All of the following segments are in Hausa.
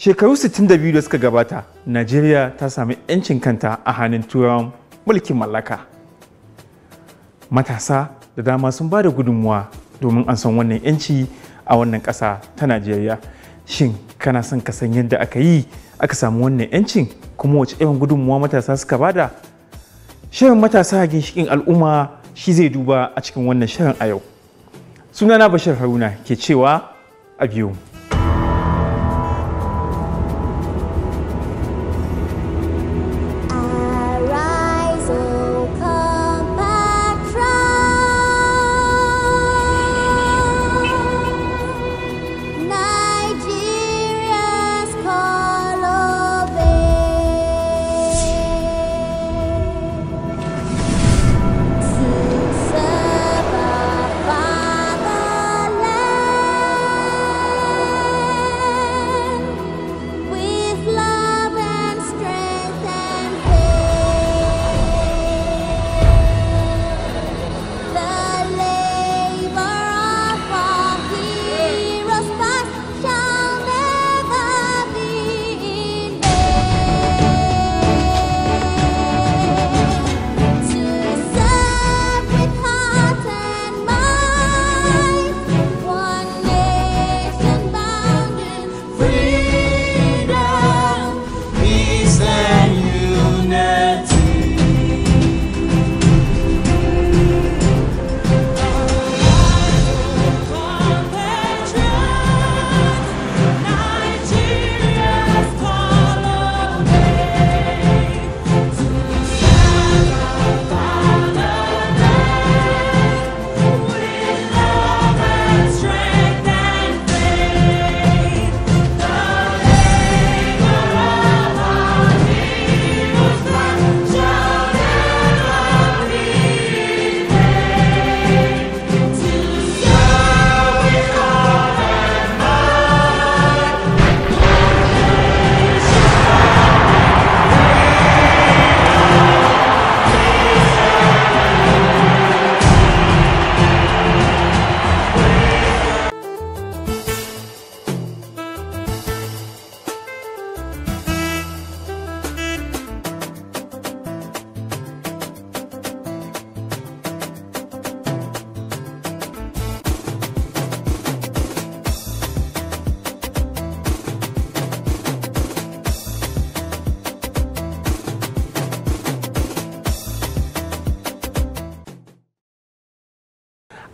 Shekaru 62 da suka gabata, Najeriya ta sami 'yancin kanta a hannun turawan mulkin mallaka. Matasa da dama sun ba da gudunmuwa domin an san wannan 'yanci a wannan ƙasa ta Najeriya. Shin kana son ka san yadda aka yi aka samu wannan 'yancin kuma wace irin gudunmuwa matasa suka bada? Shirin matasa a ginshikin al'umma shi zai duba a cikin wannan shirin a yau. Sunana Bashir Haruna ke cewa a biyu.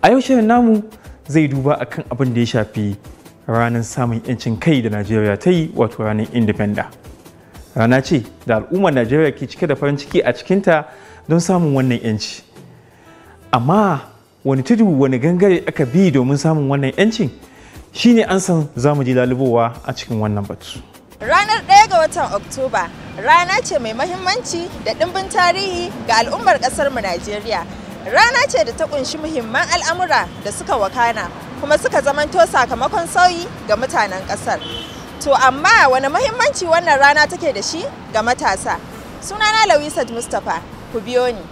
a yau shirin namu zai duba akan abin da ya shafi ranar samun 'yancin kai da najeriya ta yi wato ranar independa rana ce da al'ummar najeriya ke cike da farin ciki a cikinta don samun wannan 'yanci amma wani tudu wani gangare aka bi domin samun wannan 'yancin shine an san zamu ji lalubowa a cikin wannan batu Ranar 1 ga watan Oktoba rana ce mai mahimmanci da ɗimbin tarihi ga al'ummar ƙasarmu Najeriya. Rana ce da ta kunshi muhimman al'amura da suka wakana kuma suka zamanto sakamakon sauyi ga mutanen ƙasar. To amma wani muhimmanci wannan rana take da shi ga matasa? Sunana Lawisat Mustapha, ku biyo ni.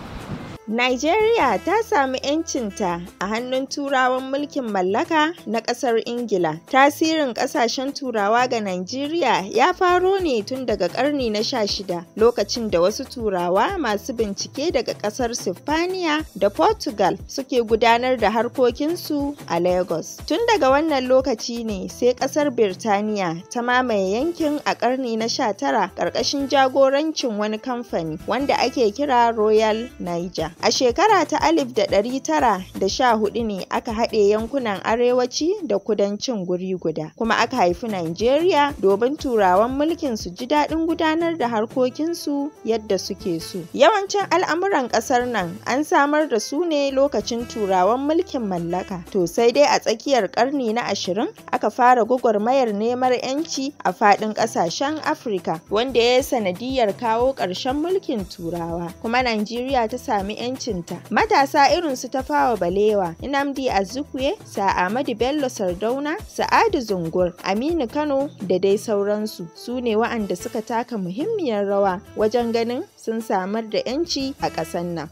Nigeria ta sami 'yancinta a hannun Turawan mulkin mallaka na ƙasar Ingila. Tasirin ƙasashen Turawa ga Najeriya ya faro ne tun daga ƙarni na sha shida, lokacin da wasu Turawa masu bincike daga ƙasar Sifaniya da Portugal suke gudanar da harkokinsu a Lagos. Tun daga wannan lokaci ne sai ƙasar Birtaniya ta mamaye yankin a ƙarni na sha tara ƙarƙashin jagorancin wani kamfani wanda ake kira Royal Niger. A shekara ta 1914 ne aka haɗe yankunan arewaci da kudancin guri guda, kuma aka haifi Najeriya domin Turawan mulkin su ji daɗin gudanar da harkokinsu yadda suke so. Yawancin al'amuran ƙasar nan an samar da su ne lokacin Turawan mulkin mallaka, to sai dai a tsakiyar ƙarni na ashirin aka fara gwagwarmayar neman 'yanci a faɗin ƙasashen Afirka, wanda ya yi sanadiyar kawo ƙarshen mulkin Turawa, kuma Najeriya ta sami 'yancinta. Matasa irin su Tafawa Balewa, Nnamdi Azukwe, Sa'amadu Bello Sardauna, Sa'adu Zungur, Aminu Kano da dai sauransu su ne wa'anda suka taka muhimmiyar rawa wajen ganin sun samar da 'yanci a ƙasar nan.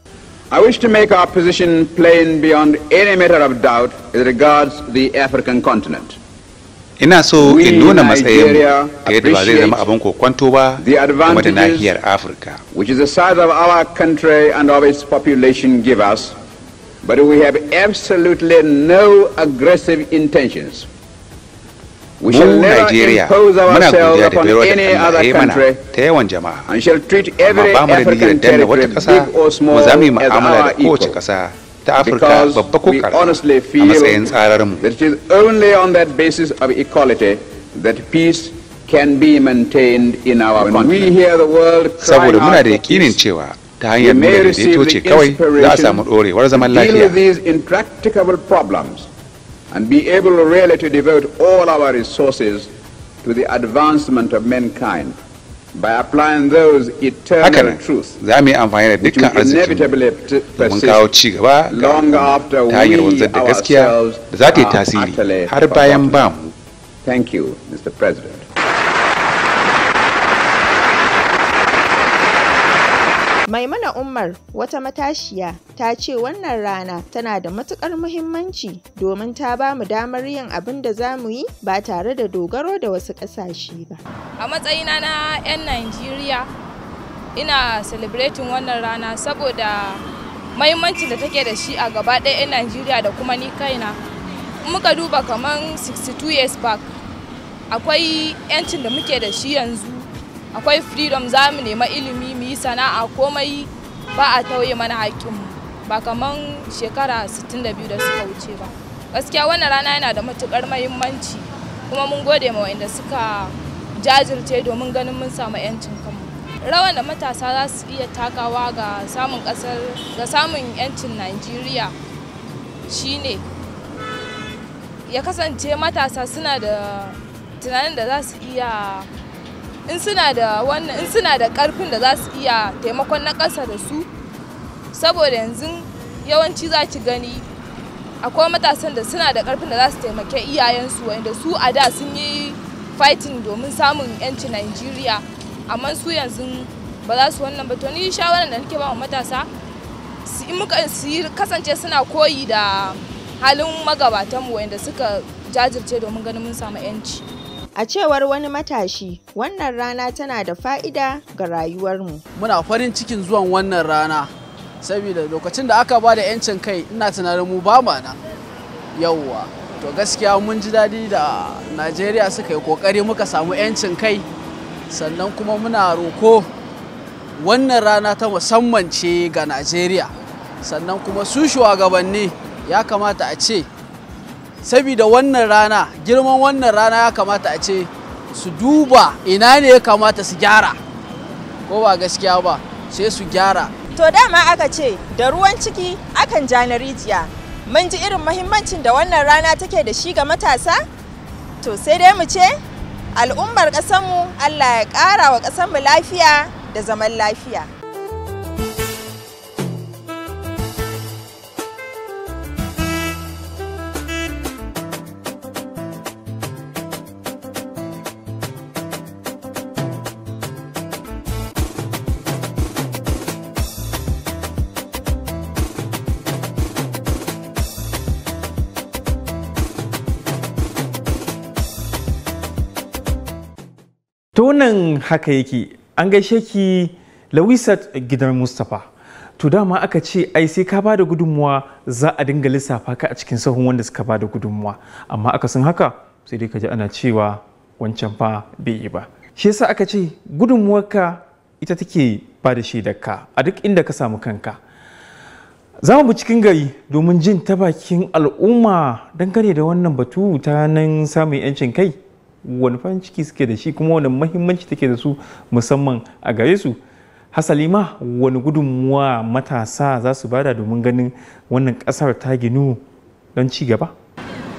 I wish to make our position plain beyond any matter of doubt as regards the African continent. ina so in nuna matsayin ta yadda ba zai zama abin kokwanto ba kuma da nahiyar afirka which is the size of our country and of its population give us but we have absolutely no aggressive intentions mu Najeriya muna godiya da bayarwa da Allah ya mana ta yawan jama'a amma ba mu da niyyar danna wata ƙasa mu za mu yi mu'amala da kowace ƙasa ta Afirka babba honestly feel That it is only on that basis of equality that peace can be maintained in our continent. Saboda muna da yakinin cewa ta we may receive the inspiration to deal with these intractable problems and be able really to devote all our resources to the advancement of mankind. haka nan za mu yi amfani da dukkan arziki domin kawo ci gaba ga ta hanyar wanzar da gaskiya da za ta yi tasiri har bayan ba mu. Thank you, Mr. President. Maimuna Umar wata matashiya ta ce wannan rana tana da matukar muhimmanci domin ta ba mu damar yin abin da za mu yi ba tare da dogaro da wasu ƙasashe ba. A matsayina na 'yan Najeriya ina celebrating wannan rana saboda muhimmancin da take da shi a gaba ɗaya 'yan Najeriya da kuma ni kaina. Muka duba kamar 62 years back akwai 'yancin da muke da shi yanzu akwai freedom za mu nema ilimi mu yi sana'a komai ba a tauye mana mu ba kaman shekara 62 da suka wuce ba gaskiya wannan rana yana da matukar mahimmanci kuma mun gode ma wa'inda suka jajirce domin ganin mun samu 'yancin kanmu rawan da matasa za su iya takawa ga samun kasar ga samun 'yancin najeriya shine ya kasance matasa suna da tunanin da za su iya in suna da wannan in suna da karfin da za su iya taimakon na ƙasa da su saboda yanzu yawanci za ki gani akwai matasan da suna da karfin da za su taimake iyayensu wanda su a da sun yi fighting domin samun yanci nigeria amma su yanzu ba za su wannan ba to ni shawaran da nake ba wa matasa su muka su kasance suna koyi da halin magabatanmu wanda suka jajirce domin ganin mun samu yanci. A cewar wani matashi, wannan rana tana da fa'ida ga rayuwarmu. Muna farin cikin zuwan wannan rana, saboda lokacin da aka ba da 'yancin kai ina tunanin mu ba mana. Yawwa, to gaskiya mun ji daɗi da Najeriya suka yi ƙoƙari muka samu 'yancin kai, sannan kuma muna roko wannan rana ta musamman ce ga Najeriya, sannan kuma su shugabanni ya kamata a ce saboda wannan rana girman wannan rana ya kamata a ce su duba ina ne ya kamata su gyara ko ba gaskiya ba sai su gyara to dama aka ce da ruwan ciki akan ja rijiya mun ji irin mahimmancin da wannan rana take da shi ga matasa to sai dai mu ce al'ummar ƙasarmu allah ya ƙara wa ƙasarmu lafiya da zaman lafiya wannan haka yake an gaishe ki lawisat gidan mustapha to dama aka ce ai sai ka bada gudunmuwa za a dinga lissafa ka a cikin sahun wanda suka bada gudunmuwa amma aka sun haka sai dai ka ji ana cewa wancan fa bai yi ba shi yasa aka ce gudunmuwarka ita take ba da shaidarka a duk inda ka samu kanka za mu cikin gari domin jin ta bakin al'umma dangane da wannan batu ta nan samun 'yancin kai wani farin ciki suke da shi kuma wani mahimmanci take da su musamman a gare su hasali ma wani gudunmuwa matasa za su bada domin ganin wannan kasar ta ginu don ci gaba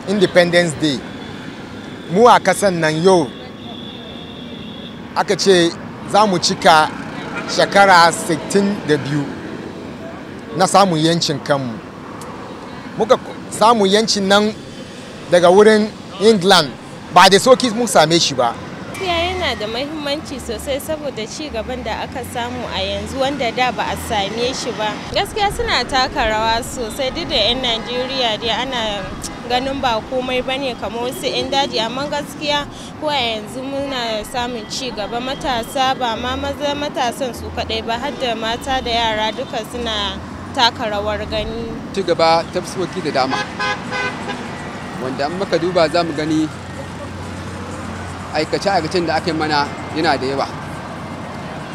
independence day mu a kasan nan yau aka ce za mu cika shekara 62 na samun yancin kanmu muka samun yancin nan daga wurin england ba da soki mun same shi ba gaskiya yana da mahimmanci sosai saboda ci gaban da aka samu a yanzu wanda da ba a same shi ba gaskiya suna taka rawa sosai duk da 'yan najeriya dai ana ganin ba komai ba ne kamar wasu 'yan daji amma gaskiya ko a yanzu muna samun ci gaba matasa ba ma maza matasan su kaɗai ba har da mata da yara duka suna taka rawar gani ci gaba ta da dama wanda an maka duba za mu gani aikace-aikacen da aka yi mana yana da yawa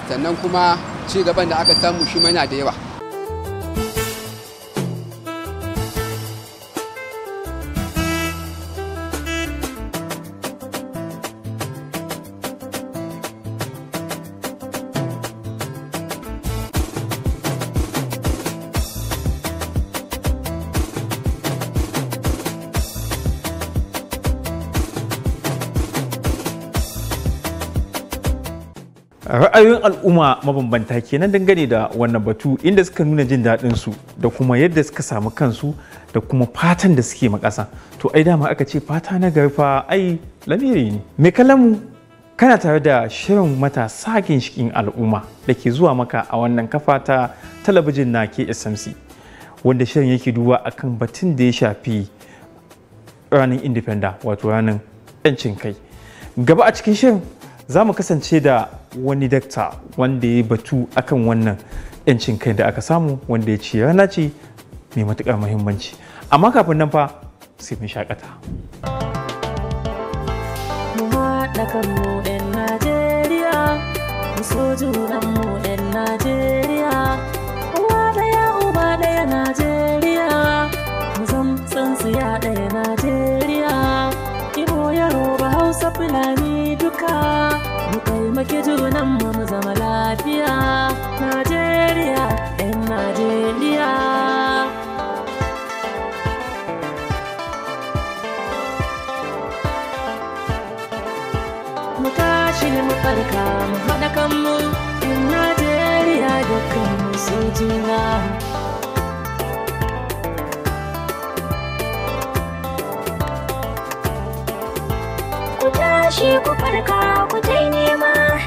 sannan kuma ci gaban da aka samu shi yana da yawa ra'ayoyin al'umma mabambanta kenan dangane da wannan batu inda suka nuna jin daɗin su da kuma yadda suka samu kansu da kuma fatan da suke makasa to ai dama aka ce fata na garfa ai lamiri ne me kalamu kana tare da shirin matasa ginshikin al'umma da ke zuwa maka a wannan kafa ta talabijin na KSMC wanda shirin yake duba akan batun da ya shafi ranar independent wato ranar 'yancin kai gaba a cikin shirin za mu kasance da wani dakta wanda ya batu akan wannan 'yancin kai da aka samu wanda ya ce rana ce mai matuƙar muhimmanci amma kafin nan fa sai mun shakata. Mu haɗa kanmu 'yan Najeriya, mu taimaki junan mu mu zama lafiya Najeriya 'yan Najeriya Mu tashi mu farka mu haɗa kanmu in Najeriya dukkan mu sun juna Ku tashi ku farka ku taimaka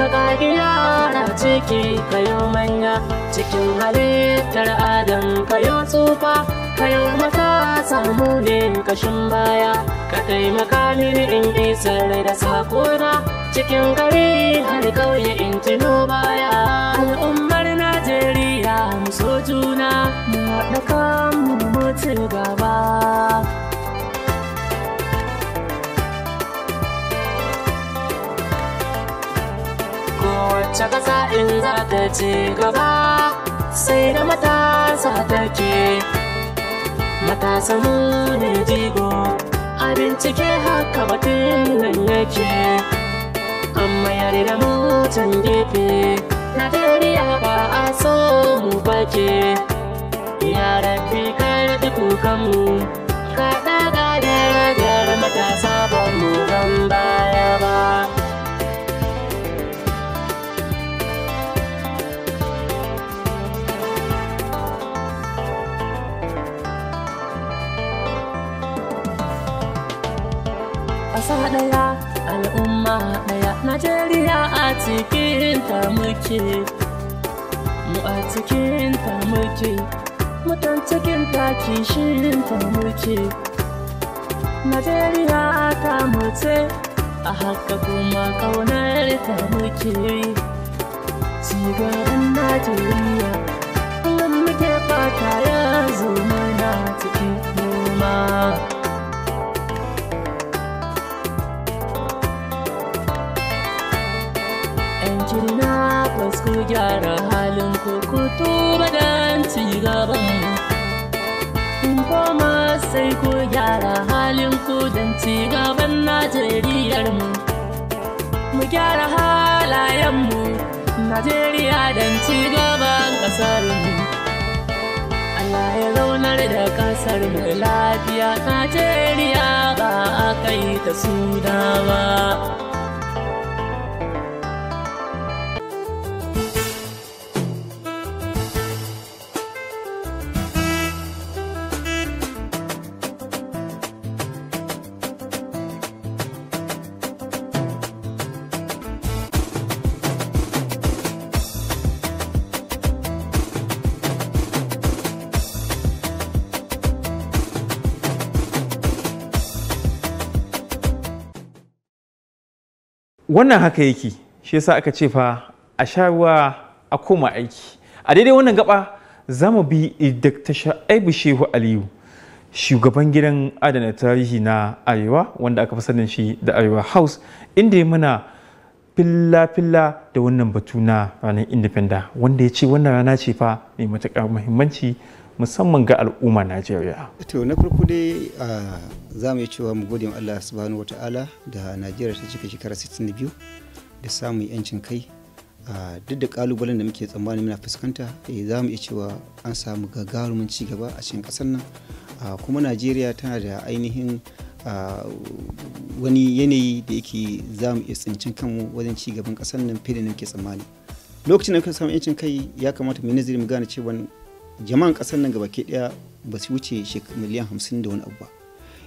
ka ga yara ciki kayo manya cikin halittar adam kayo tsufa kayo mata samu ne kashin baya ka taimaka mini in isar da sakona cikin gari har kauye in tuno baya al'ummar najeriya mu so juna mu haɗa kan mu gaba Wacce ƙasa in za ta ci gaba sai da matasa take. Matasa mu ne jigo, a bincike haka batun nan yake. Amma yare da mutan gefe, Najeriya ba a so mu bake. Yaran fi kar da kukanmu, ka ɗaga da gyara matasa ba mu ban baya ba. kasa ɗaya al'umma ɗaya najeriya a cikin ta muke mu a cikin ta muke mutan cikin ta kishin ta muke najeriya ta muce a haka kuma ƙaunar ta muke cigaban najeriya muke fata ya zo mana cikin noma juna ku gyara halin ku ku tuba dan ci gaban koma sai ku gyara halin ku dan ci gaban Najeriyar mu mu gyara halayen mu Najeriya dan ci gaban kasar mu Allah ya zaunar da kasar mu lafiya Najeriya ba a kai ta suna ba wannan haka yake shi yasa aka ce fa a sha ruwa a koma aiki a daidai wannan gaba za mu bi dr sha'ibu shehu aliyu shugaban gidan adana tarihi na arewa wanda aka fi sanin shi da arewa house inda ya mana filla-filla da wannan batu na ranar independa wanda ya ce wannan rana ce fa mai matuƙar muhimmanci musamman ga al'umma najeriya to na farko dai za mu yi cewa mu gode allah subhanahu wa ta'ala da najeriya ta cika shekara 62 da samun yancin kai duk da kalubalen da muke tsammanin muna fuskanta eh, za mu iya cewa an samu gagarumin ci gaba a cikin kasar nan kuma najeriya tana da ainihin wani yanayi da yake za mu iya tsincin kanmu wajen ci gaban kasar nan fiye da muke tsammani lokacin da muka samu yancin kai ya kamata mu nazari mu gane cewa jama'an kasar nan gabaki ɗaya ba su wuce miliyan hamsin da wani abu ba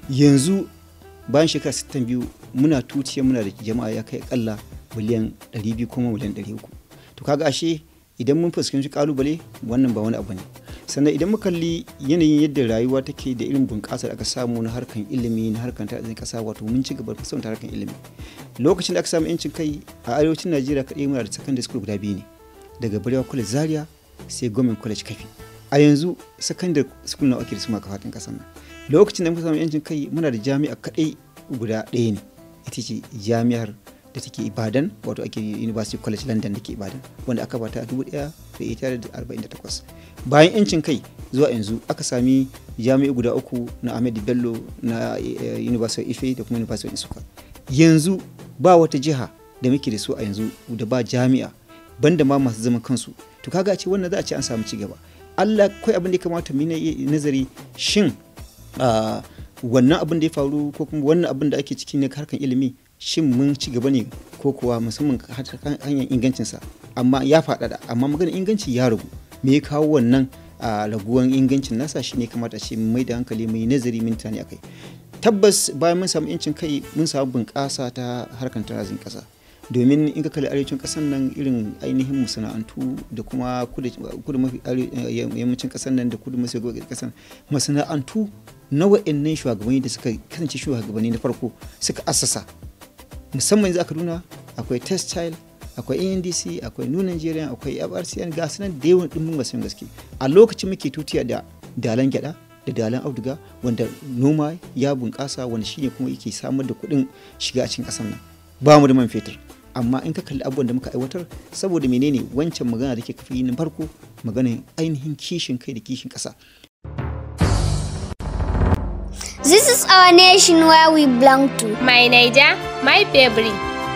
yanzu bayan shekara sittin biyu muna tuciya muna da jama'a ya kai kalla miliyan ɗari biyu kuma miliyan ɗari uku to kaga ashe idan mun fuskanci kalubale wannan ba wani abu ne sannan idan muka kalli yanayin yadda rayuwa take da irin bunƙasar aka samu na harkan ilimi na harkan tattalin ƙasa wato mun ci gaba da fasahar harkan ilimi lokacin da aka samu yancin kai a arewacin najeriya kaɗai muna da secondary school guda biyu ne daga barewa college zaria sai gomen college kafi a yanzu secondary school na ake da su maka nan lokacin da muka samu yancin kai muna da jami'a kaɗai guda ɗaya ne ita ce jami'ar da take ibadan wato ake university college london da ke ibadan wanda aka bata a takwas bayan yancin kai zuwa yanzu aka sami jami'a guda uku na ahmed bello na eh, university ife da kuma university isuka yanzu ba wata jiha da muke da su a yanzu da ba jami'a banda ma masu zaman kansu to kaga a ce wannan za a ce an samu cigaba. gaba Allah kai abin da ya kamata mu yi nazari shin wannan abin da ya faru ko kuma wannan abin da ake ciki ne harkan ilimi shin mun ci gaba ne ko kuwa musamman hanyar ingancinsa amma ya faɗaɗa amma magana inganci ya ragu me ya kawo wannan a raguwan ingancin nasa shi ne kamata ce mai da hankali mai nazari a akai tabbas bayan mun samu 'yancin kai mun samu bunƙasa ta harkan tarazin ƙasa domin in ka kalli arewacin kasan nan irin ainihin masana'antu da kuma kudu mafi eh, yammacin kasan nan da kudu mafi kasan masana'antu na wa'annan shugabanni da suka kasance shugabanni na farko suka asasa musamman yanzu aka kaduna akwai textile akwai ndc akwai new Nigeria akwai frcn ga nan da yawan dimbin wasu gaske a lokacin muke tutiya da dalan gyada da dalan auduga wanda noma ya bunƙasa wanda shine kuma yake samar da kuɗin shiga a cikin ƙasar nan ba mu da man fetur amma in ka kalli abubuwan da muka aiwatar saboda menene wancan magana da ke kafi na farko maganin ainihin kishin kai da kishin ƙasa. This is our nation where we belong to. My Niger, my baby.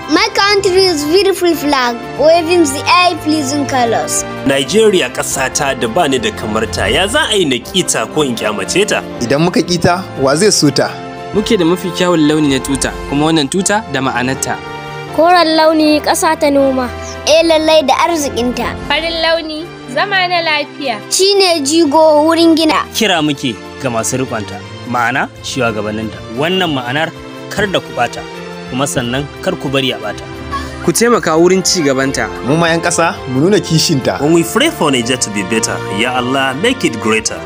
My country is beautiful flag, waving the eye pleasing colors. Nigeria ƙasata da ba ni da kamarta ya za a yi na kita ko in kyamace ta? Idan muka kita, wa zai suta? Muke da mafi kyawun launi na tuta, kuma wannan tuta da ma'anarta. koren launi ƙasa ta noma E, lallai da arzikinta farin launi zama na lafiya Shi ne jigo wurin gina kira muke ga masu riƙonta, ma'ana shugabanninta wannan ma'anar kar da ku bata kuma sannan kar ku bari a bata ku taimaka wurin ci gabanta. Mu ma 'yan ƙasa, mu nuna kishinta. When we pray for Niger to be better, ya Allah make it greater.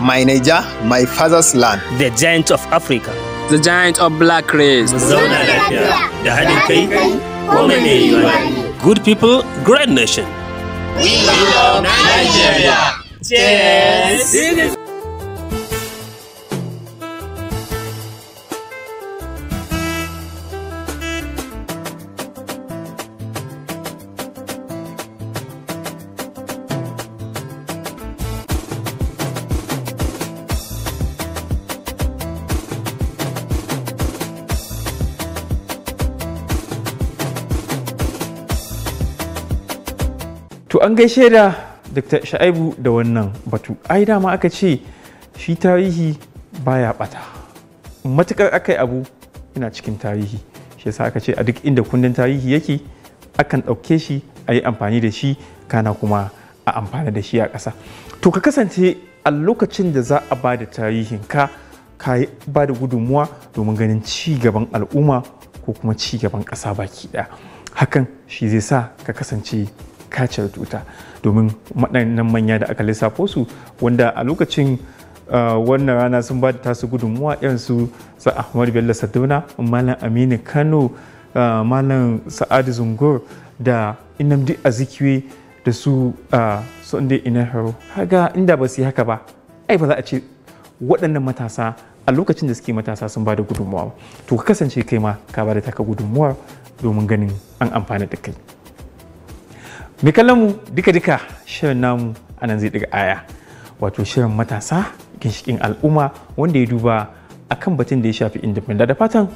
My Niger, my father's land. The giant of Africa. the giant of black race. da haɗin kai Good people, great nation. We love Nigeria. Cheers! an gaishe da Dr. Sha'ibu da wannan batu. Ai dama aka ce shi tarihi baya bata. Matukar aka yi abu yana cikin tarihi. Shi yasa aka ce a duk inda kundin tarihi yake akan ɗauke shi a yi amfani da shi kana kuma a amfani da shi a ƙasa. To ka kasance a lokacin da za a ba da tarihin ka ka ba da gudunmuwa domin ganin ci gaban al'umma ko kuma ci gaban ƙasa baki ɗaya. Hakan shi zai sa ka kasance kacar tuta domin waɗannan manya da aka lissafo su wanda a lokacin uh, wannan rana sun ba da tasu gudunmuwa irin su sa ahmad bello saduna malam aminu kano uh, malam sa'adu zungur da inamdi azikiwe da su uh, sunday inaharo haga inda ba su yi haka ba ai ba za a ce waɗannan matasa a lokacin da suke matasa sun ba da gudunmuwa to kasance kai ma ka ba da taka gudunmuwa domin ganin an amfana da kai mai kallon mu duka-duka shirin namu a nan zai ɗiga aya wato shirin matasa ginshikin al'umma wanda ya duba a kan batun da ya shafi independent da fatan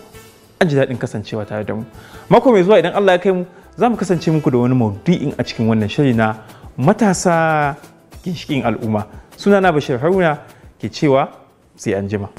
an ji daɗin kasancewa tare da mu mako mai zuwa idan Allah ya kai mu za mu kasance muku da wani maudu'in a cikin wannan shiri na matasa ginshikin al'umma sunana bashir haruna ke cewa sai an jima